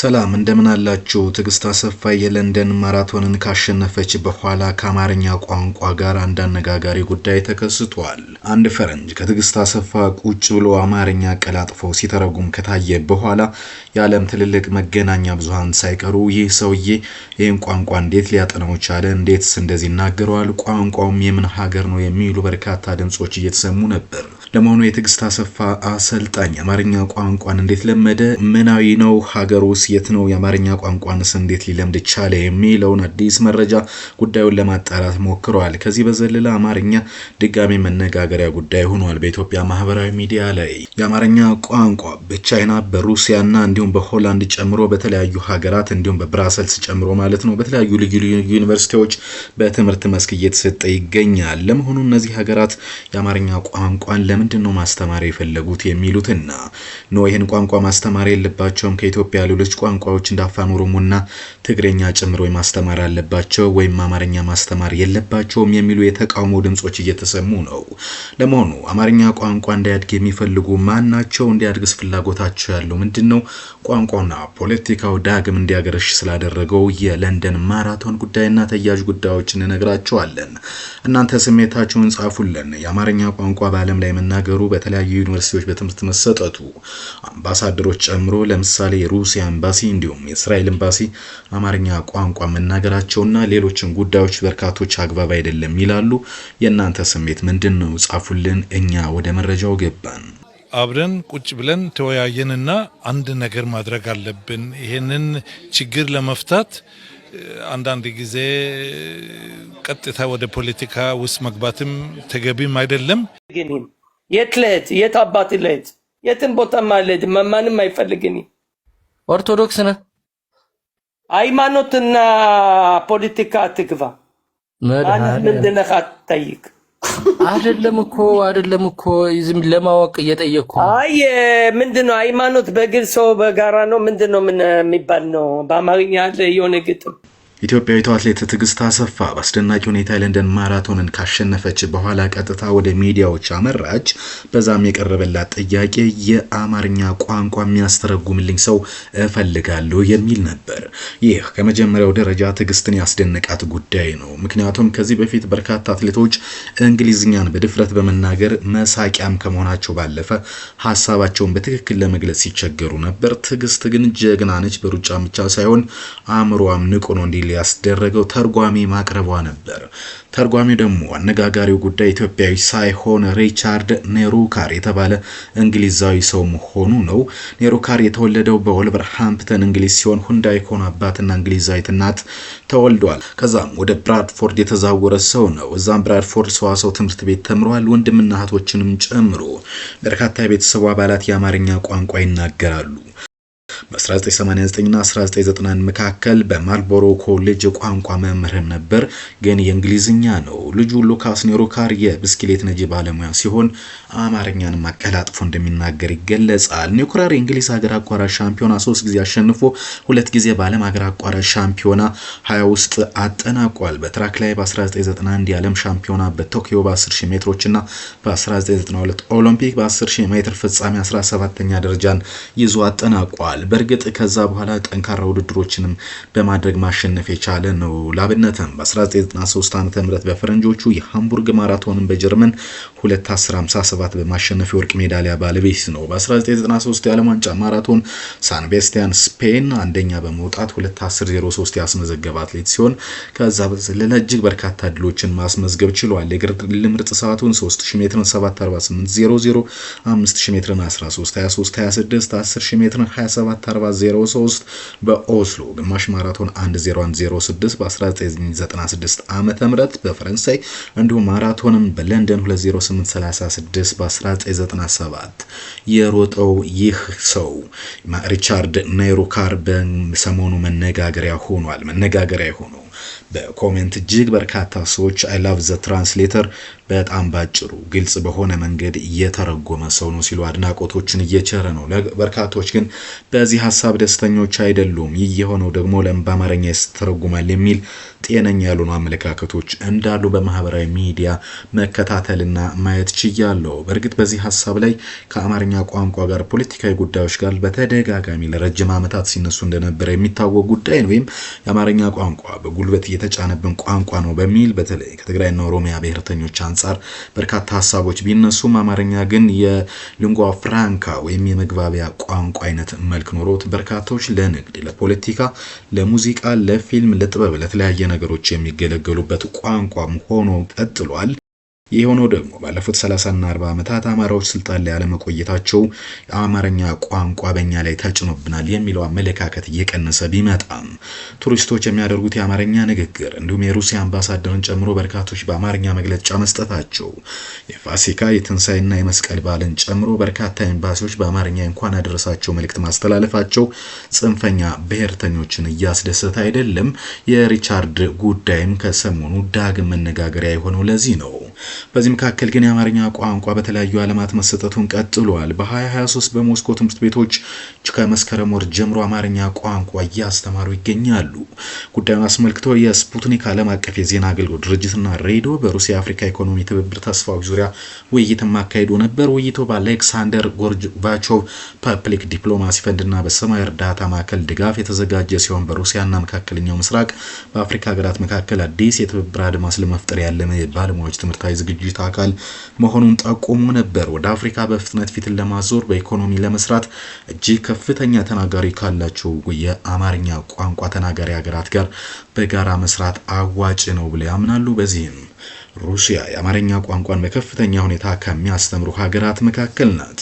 ሰላም እንደምን አላችሁ። ትዕግስት አሰፋ የለንደን ማራቶንን ካሸነፈች በኋላ ከአማርኛ ቋንቋ ጋር አንድ አነጋጋሪ ጉዳይ ተከስቷል። አንድ ፈረንጅ ከትዕግስት አሰፋ ቁጭ ብሎ አማርኛ ቀላጥፎ ሲተረጉም ከታየ በኋላ የዓለም ትልልቅ መገናኛ ብዙሃን ሳይቀሩ ይህ ሰውዬ ይህን ቋንቋ እንዴት ሊያጠናው ቻለ? እንዴትስ እንደዚህ ይናገረዋል? ቋንቋውም የምን ሀገር ነው? የሚሉ በርካታ ድምጾች እየተሰሙ ነበር። ለመሆኑ የትዕግስት አሰፋ አሰልጣኝ የአማርኛ ቋንቋን እንዴት ለመደ? ምናዊ ነው? ሀገር ውስጥ የት ነው? የአማርኛ ቋንቋንስ እንዴት ሊለምድ ቻለ? የሚለውን አዲስ መረጃ ጉዳዩን ለማጣራት ሞክረዋል። ከዚህ በዘለለ አማርኛ ድጋሚ መነጋገሪያ ጉዳይ ሆኗል። በኢትዮጵያ ማህበራዊ ሚዲያ ላይ የአማርኛ ቋንቋ በቻይና በሩሲያና እንዲሁም በሆላንድ ጨምሮ በተለያዩ ሀገራት እንዲሁም በብራሰልስ ጨምሮ ማለት ነው በተለያዩ ልዩ ልዩ ዩኒቨርሲቲዎች በትምህርት መስክ እየተሰጠ ይገኛል። ለመሆኑ እነዚህ ሀገራት የአማርኛ ቋንቋን ለምንድን ነው ማስተማር የፈለጉት የሚሉትና ኖ ይህን ቋንቋ ማስተማር የለባቸውም ከኢትዮጵያ ሌሎች ቋንቋዎች እንደ አፋን ኦሮሞና ትግረኛ ጭምሮ ማስተማር አለባቸው ወይም አማርኛ ማስተማር የለባቸውም የሚሉ የተቃውሞ ድምጾች እየተሰሙ ነው። ለመሆኑ አማርኛ ቋንቋ እንዳያድግ የሚፈልጉ ማናቸው? እንዲያድግስ ፍላጎታቸው ያለው ምንድን ነው? ቋንቋና ፖለቲካው ዳግም እንዲያገረሽ ስላደረገው የለንደን ማራቶን ጉዳይና ተያዥ ጉዳዮችን እነግራቸዋለን። እናንተ ስሜታችሁን ጻፉልን። የአማርኛ ቋንቋ በዓለም ላይ መናገሩ፣ በተለያዩ ዩኒቨርሲቲዎች በትምህርት መሰጠቱ አምባሳደሮች ጨምሮ ለምሳሌ የሩሲያ ኤምባሲ እንዲሁም የእስራኤል ኤምባሲ አማርኛ ቋንቋ መናገራቸውና ሌሎችን ጉዳዮች በርካቶች አግባብ አይደለም ይላሉ። የእናንተ ስሜት ምንድን ነው? ጻፉልን። እኛ ወደ መረጃው ገባን። አብረን ቁጭ ብለን ተወያየንና አንድ ነገር ማድረግ አለብን ይሄንን ችግር ለመፍታት አንዳንድ ጊዜ ቀጥታ ወደ ፖለቲካ ውስጥ መግባትም ተገቢም አይደለም። የት ልሂድ? የት አባት ልሂድ? የትን ቦታም አልሄድም። ማንም አይፈልግኝ። ኦርቶዶክስ ነህ? ሃይማኖትና ፖለቲካ አትግባ። ማንም ምንድነህ አትጠይቅ። አይደለም እኮ አይደለም እኮ ዝም ለማወቅ እየጠየቅኩ። አይ ምንድነው ሃይማኖት በግል ሰው በጋራ ነው ምንድነው ምን የሚባል ነው? በአማርኛ አለ የሆነ ግጥም ኢትዮጵያዊቷ አትሌት ትዕግስት አሰፋ በአስደናቂ ሁኔታ የለንደን ማራቶንን ካሸነፈች በኋላ ቀጥታ ወደ ሚዲያዎች አመራች። በዛም የቀረበላት ጥያቄ የአማርኛ ቋንቋ የሚያስተረጉምልኝ ሰው እፈልጋለሁ የሚል ነበር። ይህ ከመጀመሪያው ደረጃ ትዕግስትን ያስደነቃት ጉዳይ ነው። ምክንያቱም ከዚህ በፊት በርካታ አትሌቶች እንግሊዝኛን በድፍረት በመናገር መሳቂያም ከመሆናቸው ባለፈ ሀሳባቸውን በትክክል ለመግለጽ ሲቸገሩ ነበር። ትዕግስት ግን ጀግና ነች። ብቻ ሳይሆን አእምሯም ንቁ ነው እንዲ ያስደረገው ተርጓሚ ማቅረቧ ነበር። ተርጓሚ ደግሞ አነጋጋሪው ጉዳይ ኢትዮጵያዊ ሳይሆን ሪቻርድ ኔሩካር የተባለ እንግሊዛዊ ሰው መሆኑ ነው። ኔሩካር የተወለደው ሃምፕተን እንግሊዝ ሲሆን ሁንዳይ ከሆኑ አባትና እንግሊዛዊት እናት ተወልዷል። ከዛም ወደ ብራድፎርድ የተዛወረ ሰው ነው። እዛም ብራድፎርድ ሰዋሰው ትምህርት ቤት ተምሯል። ወንድምና እህቶችንም ጨምሮ በርካታ የቤተሰቡ አባላት የአማርኛ ቋንቋ ይናገራሉ። በ1989ና 1991 መካከል በማልቦሮ ኮሌጅ የቋንቋ መምህርም ነበር፣ ግን የእንግሊዝኛ ነው። ልጁ ሉካስ ኔሮካር የብስክሌት ነጂ ባለሙያ ሲሆን አማርኛን አቀላጥፎ እንደሚናገር ይገለጻል። ኔኩራር የእንግሊዝ ሀገር አቋራጭ ሻምፒዮና ሶስት ጊዜ አሸንፎ ሁለት ጊዜ በዓለም ሀገር አቋራጭ ሻምፒዮና ሀያ ውስጥ አጠናቋል። በትራክ ላይ በ1991 የዓለም ሻምፒዮና በቶኪዮ በ10000 ሜትሮችና በ1992 ኦሎምፒክ በ10000 ሜትር ፍጻሜ 17ኛ ደረጃን ይዞ አጠናቋል። በእርግጥ ከዛ በኋላ ጠንካራ ውድድሮችንም በማድረግ ማሸነፍ የቻለ ነው። ላብነትም በ1993 ዓ ም በፈረንጆቹ የሃምቡርግ ማራቶንን በጀርመን 2157 በማሸነፍ የወርቅ ሜዳሊያ ባለቤት ነው። በ1993 የዓለም ዋንጫ ማራቶን ሳንቤስቲያን ስፔን አንደኛ በመውጣት 2103 ያስመዘገበ አትሌት ሲሆን ከዛ በዘለለ እጅግ በርካታ ድሎችን ማስመዝገብ ችሏል። የግር ልምርጥ ሰዓቱን 3000 ሜትርን 748 00 5000 ሜትርን 13 23 26 10000 ሜትርን 27 4003 በኦስሎ ግማሽ ማራቶን 1006 በ1996 ዓ.ም በፈረንሳይ እንዲሁም ማራቶንም በለንደን 20836 በ1997 የሮጠው ይህ ሰው ሪቻርድ ናይሮካር በሰሞኑ መነጋገሪያ ሆኗል። መነጋገሪያ የሆነው በኮሜንት እጅግ በርካታ ሰዎች አይ ላቭ ዘ ትራንስሌተር በጣም ባጭሩ ግልጽ በሆነ መንገድ እየተረጎመ ሰው ነው ሲሉ አድናቆቶችን እየቸረ ነው። በርካቶች ግን በዚህ ሀሳብ ደስተኞች አይደሉም። ይህ የሆነው ደግሞ በአማርኛ ይስተረጉማል የሚል ጤነኛ ያልሆኑ አመለካከቶች እንዳሉ በማህበራዊ ሚዲያ መከታተልና ማየት ችያለሁ። በእርግጥ በዚህ ሀሳብ ላይ ከአማርኛ ቋንቋ ጋር ፖለቲካዊ ጉዳዮች ጋር በተደጋጋሚ ለረጅም ዓመታት ሲነሱ እንደነበረ የሚታወቅ ጉዳይ ነው። ወይም የአማርኛ ቋንቋ በጉል ጉልበት እየተጫነብን ቋንቋ ነው በሚል በተለይ ከትግራይና ኦሮሚያ ብሔርተኞች አንጻር በርካታ ሀሳቦች ቢነሱም አማርኛ ግን የሊንጓ ፍራንካ ወይም የመግባቢያ ቋንቋ አይነት መልክ ኖሮት በርካቶች ለንግድ፣ ለፖለቲካ፣ ለሙዚቃ፣ ለፊልም፣ ለጥበብ፣ ለተለያየ ነገሮች የሚገለገሉበት ቋንቋም ሆኖ ቀጥሏል። የሆነው ደግሞ ባለፉት 30 እና 40 ዓመታት አማራዎች ስልጣን ላይ አለመቆየታቸው የአማርኛ ቋንቋ በእኛ ላይ ተጭኖብናል የሚለው አመለካከት እየቀነሰ ቢመጣም ቱሪስቶች የሚያደርጉት የአማርኛ ንግግር እንዲሁም የሩሲያ አምባሳደርን ጨምሮ በርካቶች በአማርኛ መግለጫ መስጠታቸው የፋሲካ የትንሣኤና የመስቀል በዓልን ጨምሮ በርካታ ኤምባሲዎች በአማርኛ እንኳን አደረሳቸው መልእክት ማስተላለፋቸው ጽንፈኛ ብሔርተኞችን እያስደሰተ አይደለም። የሪቻርድ ጉዳይም ከሰሞኑ ዳግም መነጋገሪያ የሆነው ለዚህ ነው። በዚህ መካከል ግን የአማርኛ ቋንቋ በተለያዩ ዓለማት መሰጠቱን ቀጥሏል። በ2023 በሞስኮ ትምህርት ቤቶች ከመስከረም ወር ጀምሮ አማርኛ ቋንቋ እያስተማሩ ይገኛሉ። ጉዳዩን አስመልክቶ የስፑትኒክ ዓለም አቀፍ የዜና አገልግሎት ድርጅትና ሬዲዮ በሩሲያ አፍሪካ ኢኮኖሚ ትብብር ተስፋዎች ዙሪያ ውይይት አካሂዶ ነበር። ውይይቱ በአሌክሳንደር ጎርባቾቭ ፐብሊክ ዲፕሎማሲ ፈንድና በሰማይ እርዳታ ማዕከል ድጋፍ የተዘጋጀ ሲሆን በሩሲያና መካከለኛው ምስራቅ በአፍሪካ ሀገራት መካከል አዲስ የትብብር አድማስ ለመፍጠር ያለመ ባለሙያዎች ትምህርታዊ ዝግጅት አካል መሆኑን ጠቁሞ ነበር። ወደ አፍሪካ በፍጥነት ፊትን ለማዞር በኢኮኖሚ ለመስራት እጅግ ከፍተኛ ተናጋሪ ካላቸው የአማርኛ ቋንቋ ተናጋሪ ሀገራት ጋር በጋራ መስራት አዋጭ ነው ብለው ያምናሉ። በዚህም ሩሲያ የአማርኛ ቋንቋን በከፍተኛ ሁኔታ ከሚያስተምሩ ሀገራት መካከል ናት።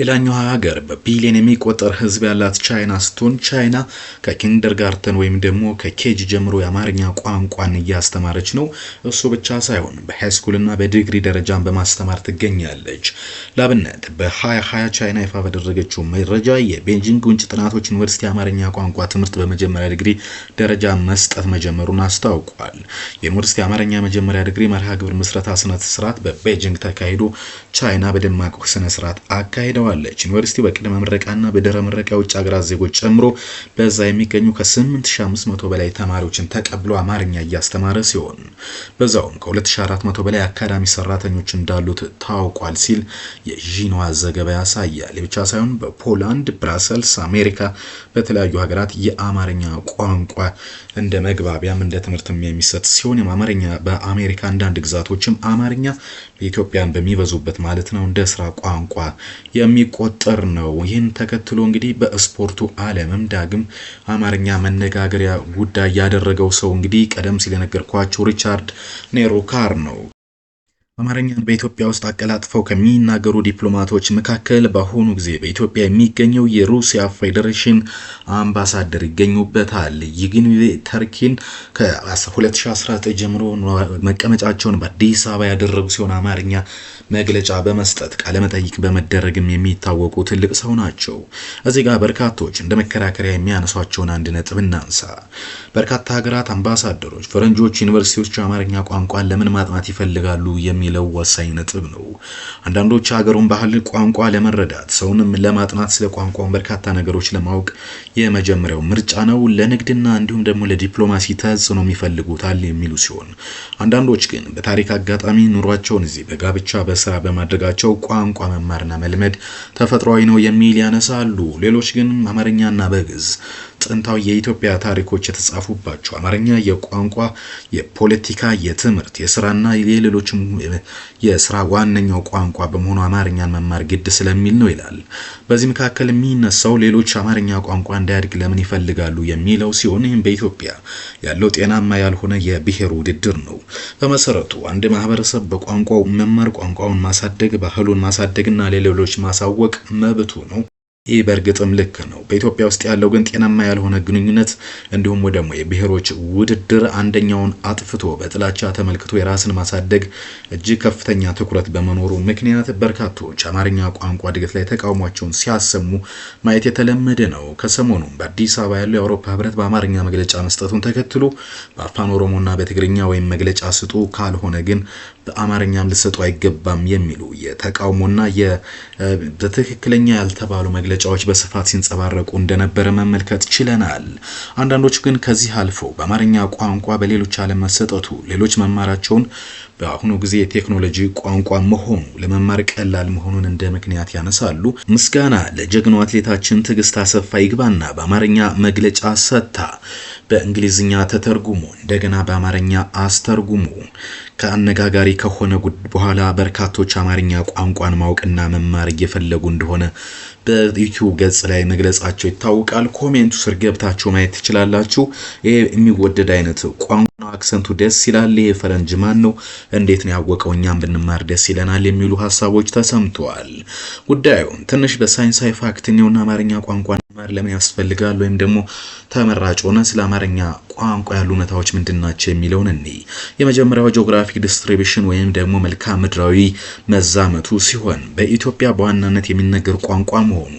ሌላኛው ሀገር በቢሊዮን የሚቆጠር ህዝብ ያላት ቻይና ስትሆን ቻይና ከኪንደር ጋርተን ወይም ደግሞ ከኬጅ ጀምሮ የአማርኛ ቋንቋን እያስተማረች ነው። እሱ ብቻ ሳይሆን በሃይስኩልና በዲግሪ ደረጃን በማስተማር ትገኛለች። ላብነት በ2020 ቻይና ይፋ ባደረገችው መረጃ የቤጂንግ ውንጭ ጥናቶች ዩኒቨርሲቲ የአማርኛ ቋንቋ ትምህርት በመጀመሪያ ዲግሪ ደረጃ መስጠት መጀመሩን አስታውቋል። የዩኒቨርሲቲ የአማርኛ መጀመሪያ ዲግሪ መርሃ ግብር ምስረታ ስነ ስርዓት በቤጂንግ ተካሂዶ ቻይና በደማቁ ስነ ስርዓት አካሂደዋል። አከናውናለች። ዩኒቨርሲቲው በቅድመ ምረቃና በድህረ ምረቃ የውጭ ሀገራት ዜጎች ጨምሮ በዛ የሚገኙ ከ8500 በላይ ተማሪዎችን ተቀብሎ አማርኛ እያስተማረ ሲሆን በዛውም ከ2400 በላይ አካዳሚ ሰራተኞች እንዳሉት ታውቋል ሲል የዢንዋ ዘገባ ያሳያል። ብቻ ሳይሆን በፖላንድ፣ ብራሰልስ፣ አሜሪካ በተለያዩ ሀገራት የአማርኛ ቋንቋ እንደ መግባቢያም እንደ ትምህርትም የሚሰጥ ሲሆን አማርኛ በአሜሪካ አንዳንድ ግዛቶችም አማርኛ በኢትዮጵያን በሚበዙበት ማለት ነው እንደ ስራ ቋንቋ የሚቆጠር ነው። ይህን ተከትሎ እንግዲህ በስፖርቱ ዓለምም ዳግም አማርኛ መነጋገሪያ ጉዳይ ያደረገው ሰው እንግዲህ ቀደም ሲል የነገርኳቸው ሪቻርድ ኔሮ ካር ነው። አማርኛን በኢትዮጵያ ውስጥ አቀላጥፈው ከሚናገሩ ዲፕሎማቶች መካከል በአሁኑ ጊዜ በኢትዮጵያ የሚገኘው የሩሲያ ፌዴሬሽን አምባሳደር ይገኙበታል። የጊኒዌ ተርኪን ከ2019 ጀምሮ መቀመጫቸውን በአዲስ አበባ ያደረጉ ሲሆን አማርኛ መግለጫ በመስጠት ቃለመጠይቅ በመደረግም የሚታወቁ ትልቅ ሰው ናቸው። እዚህ ጋር በርካቶች እንደ መከራከሪያ የሚያነሷቸውን አንድ ነጥብ እናንሳ። በርካታ ሀገራት አምባሳደሮች ፈረንጆች ዩኒቨርሲቲዎች አማርኛ ቋንቋን ለምን ማጥናት ይፈልጋሉ የሚል የሚለው ወሳኝ ነጥብ ነው። አንዳንዶች ሀገሩን ባህል፣ ቋንቋ ለመረዳት ሰውንም ለማጥናት ስለ ቋንቋውን በርካታ ነገሮች ለማወቅ የመጀመሪያው ምርጫ ነው። ለንግድና እንዲሁም ደግሞ ለዲፕሎማሲ ተጽዕኖ ይፈልጉታል የሚሉ ሲሆን አንዳንዶች ግን በታሪክ አጋጣሚ ኑሯቸውን እዚህ በጋብቻ በስራ በማድረጋቸው ቋንቋ መማርና መልመድ ተፈጥሯዊ ነው የሚል ያነሳሉ። ሌሎች ግን አማርኛና በግዝ ጥንታዊ የኢትዮጵያ ታሪኮች የተጻፉባቸው አማርኛ የቋንቋ፣ የፖለቲካ፣ የትምህርት፣ የስራና የሌሎችም የስራ ዋነኛው ቋንቋ በመሆኑ አማርኛን መማር ግድ ስለሚል ነው ይላል። በዚህ መካከል የሚነሳው ሌሎች አማርኛ ቋንቋ እንዳያድግ ለምን ይፈልጋሉ የሚለው ሲሆን ይህም በኢትዮጵያ ያለው ጤናማ ያልሆነ የብሔር ውድድር ነው። በመሰረቱ አንድ ማህበረሰብ በቋንቋው መማር፣ ቋንቋውን ማሳደግ፣ ባህሉን ማሳደግና ለሌሎች ማሳወቅ መብቱ ነው። ይህ በእርግጥም ልክ ነው። በኢትዮጵያ ውስጥ ያለው ግን ጤናማ ያልሆነ ግንኙነት እንዲሁም ደግሞ የብሔሮች ውድድር አንደኛውን አጥፍቶ በጥላቻ ተመልክቶ የራስን ማሳደግ እጅግ ከፍተኛ ትኩረት በመኖሩ ምክንያት በርካቶች አማርኛ ቋንቋ እድገት ላይ ተቃውሟቸውን ሲያሰሙ ማየት የተለመደ ነው። ከሰሞኑም በአዲስ አበባ ያለው የአውሮፓ ሕብረት በአማርኛ መግለጫ መስጠቱን ተከትሎ በአፋን ኦሮሞና በትግርኛ ወይም መግለጫ ስጡ ካልሆነ ግን በአማርኛም ልሰጡ አይገባም የሚሉ የተቃውሞና በትክክለኛ ያልተባሉ መግለጫዎች በስፋት ሲንጸባረቁ እንደነበረ መመልከት ችለናል። አንዳንዶቹ ግን ከዚህ አልፈው በአማርኛ ቋንቋ በሌሎች አለመሰጠቱ ሌሎች መማራቸውን በአሁኑ ጊዜ የቴክኖሎጂ ቋንቋ መሆኑ ለመማር ቀላል መሆኑን እንደ ምክንያት ያነሳሉ። ምስጋና ለጀግናው አትሌታችን ትዕግስት አሰፋ ይግባና በአማርኛ መግለጫ ሰጥታ በእንግሊዝኛ ተተርጉሞ እንደገና በአማርኛ አስተርጉሞ ከአነጋጋሪ ከሆነ በኋላ በርካቶች አማርኛ ቋንቋን ማወቅና መማር እየፈለጉ እንደሆነ በዩቲዩብ ገጽ ላይ መግለጻቸው ይታወቃል። ኮሜንቱ ስር ገብታችሁ ማየት ትችላላችሁ። ይሄ የሚወደድ አይነት ቋንቋ አክሰንቱ ደስ ይላል። ይሄ ፈረንጅ ማን ነው? እንዴት ነው ያወቀው? እኛም ብንማር ደስ ይለናል የሚሉ ሀሳቦች ተሰምተዋል። ጉዳዩን ትንሽ በሳይንሳዊ ፋክት ነውና አማርኛ ቋንቋ መማር ለምን ያስፈልጋል ወይም ደግሞ ተመራጭ ሆነ ስለ አማርኛ ቋንቋ ያሉ እውነታዎች ምንድን ናቸው የሚለውን እኔ የመጀመሪያው ጂኦግራፊ ዲስትሪቢሽን ወይም ደግሞ መልክዓ ምድራዊ መዛመቱ ሲሆን በኢትዮጵያ በዋናነት የሚነገር ቋንቋ መሆኑ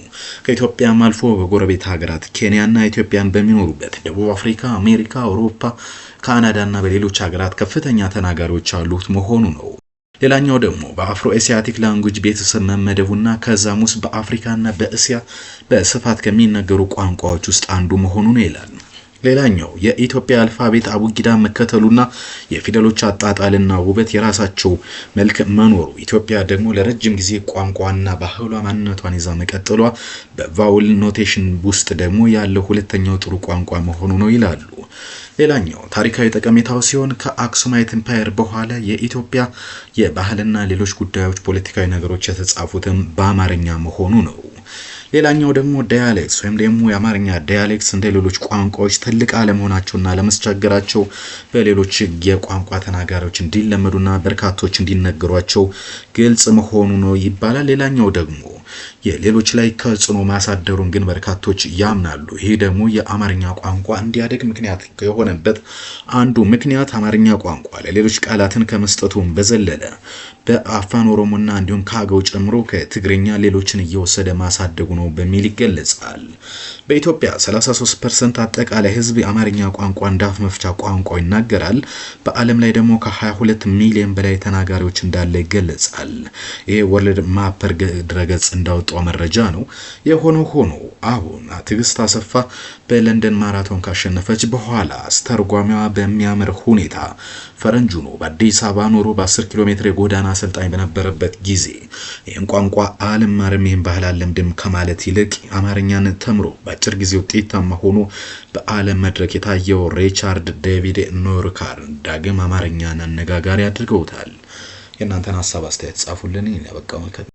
ከኢትዮጵያም አልፎ በጎረቤት ሀገራት ኬንያና ኢትዮጵያን በሚኖሩበት ደቡብ አፍሪካ፣ አሜሪካ፣ አውሮፓ፣ ካናዳ እና በሌሎች ሀገራት ከፍተኛ ተናጋሪዎች አሉት መሆኑ ነው። ሌላኛው ደግሞ በአፍሮ ኤሲያቲክ ላንጉጅ ቤተሰብ መመደቡና ከዛም ውስጥ በአፍሪካና በእስያ በስፋት ከሚነገሩ ቋንቋዎች ውስጥ አንዱ መሆኑን ይላል። ሌላኛው የኢትዮጵያ አልፋቤት አቡጊዳ መከተሉና የፊደሎች አጣጣልና ውበት የራሳቸው መልክ መኖሩ ኢትዮጵያ ደግሞ ለረጅም ጊዜ ቋንቋና ባህሏ ማንነቷን ይዛ መቀጠሏ በቫውል ኖቴሽን ውስጥ ደግሞ ያለው ሁለተኛው ጥሩ ቋንቋ መሆኑ ነው ይላሉ። ሌላኛው ታሪካዊ ጠቀሜታው ሲሆን ከአክሱማይት ኢምፓየር በኋላ የኢትዮጵያ የባህልና ሌሎች ጉዳዮች ፖለቲካዊ ነገሮች የተጻፉትም በአማርኛ መሆኑ ነው። ሌላኛው ደግሞ ዳያሌክስ ወይም ደግሞ የአማርኛ ዳያሌክስ እንደ ሌሎች ቋንቋዎች ትልቅ አለመሆናቸውና አለመስቸገራቸው በሌሎች የቋንቋ ተናጋሪዎች እንዲለመዱና በርካቶች እንዲነገሯቸው ግልጽ መሆኑ ነው ይባላል። ሌላኛው ደግሞ የሌሎች ላይ ተጽዕኖ ማሳደሩን ግን በርካቶች ያምናሉ። ይሄ ደግሞ የአማርኛ ቋንቋ እንዲያደግ ምክንያት የሆነበት አንዱ ምክንያት አማርኛ ቋንቋ ለሌሎች ቃላትን ከመስጠቱም በዘለለ በአፋን ኦሮሞና እንዲሁም ከአገው ጨምሮ ከትግርኛ ሌሎችን እየወሰደ ማሳደጉ ነው ነው በሚል ይገለጻል። በኢትዮጵያ 33 አጠቃላይ ህዝብ የአማርኛ ቋንቋ እንዳፍ መፍቻ ቋንቋ ይናገራል። በዓለም ላይ ደግሞ ከ22 ሚሊዮን በላይ ተናጋሪዎች እንዳለ ይገለጻል። ይሄ ወርልድ ማፐር ድረገጽ እንዳወጣው መረጃ ነው። የሆነ ሆኖ አሁን ትዕግስት አሰፋ በለንደን ማራቶን ካሸነፈች በኋላ አስተርጓሚዋ በሚያምር ሁኔታ ፈረንጁ ነው በአዲስ አበባ ኖሮ በ10 ኪሎ ሜትር የጎዳና አሰልጣኝ በነበረበት ጊዜ ይህን ቋንቋ አልማርም ይህን ባህል አልለምድም ከማለት ከማለት ይልቅ አማርኛን ተምሮ በአጭር ጊዜ ውጤታማ ሆኖ በዓለም መድረክ የታየው ሪቻርድ ዴቪድ ኖርካር ዳግም አማርኛን አነጋጋሪ አድርገውታል። የእናንተን ሀሳብ አስተያየት ጻፉልን። ያበቃው